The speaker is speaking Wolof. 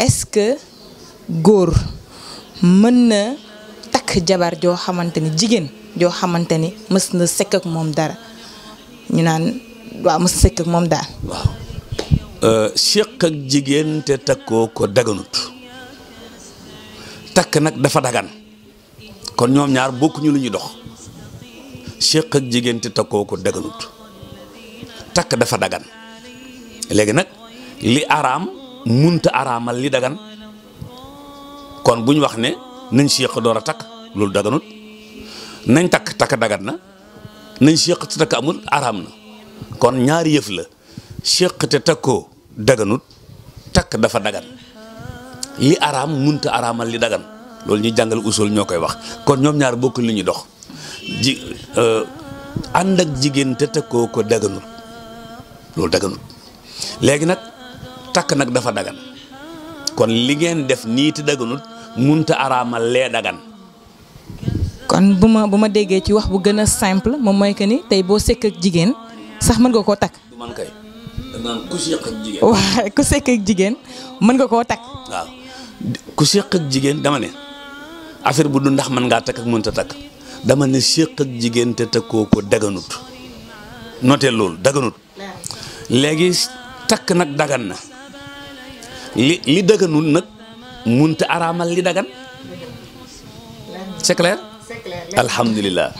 est-ce góor mën na takk jabar joo xamante ni jigéen joo xamante ni mës na sekk ak moom dara ñu naan waaw mës daal. waaw euh, seq ak jigéen te takkoo ko daganut takk nag dafa dagan kon ñoom ñaar bokkuñu lu ñuy dox seq ak jigéen te takkoo ko daganut. takk dafa dagan léegi nag li araam munta araamal li dagan kon bu ñu wax ne nañ si yëq door a takk loolu daganut nañ takk takk dagan na nañ si yëq te takk amul araam na kon ñaari yëf la séq te takkoo daganut takk dafa dagan li araam munta araamal li dagan loolu ñuy jàngal usol ñoo koy wax kon ñoom ñaar bokkul lañuy dox euh, ànd ak jigéen te koo ko daganul loolu daganul léegi nag takk nag dafa dagan kon li ngeen def nii te daganul munta araamal lee dagan kon bu ma bu ma déggee ci wax bu gën a simple moom mooy que ni tey boo sekk ak jigéen sax mën nga koo takk du man ku seq ak jigéen mën nga koo takk ku seq jigéen dama ne affaire bu du ndax mën ngaa takk ak mënta takk dama ne séq ak jigéen te takkoo ko daganut noté loolu daganut léegi takk nag dagan na li li daganul nag munta araamal li dagan c'est clair alhamdulilah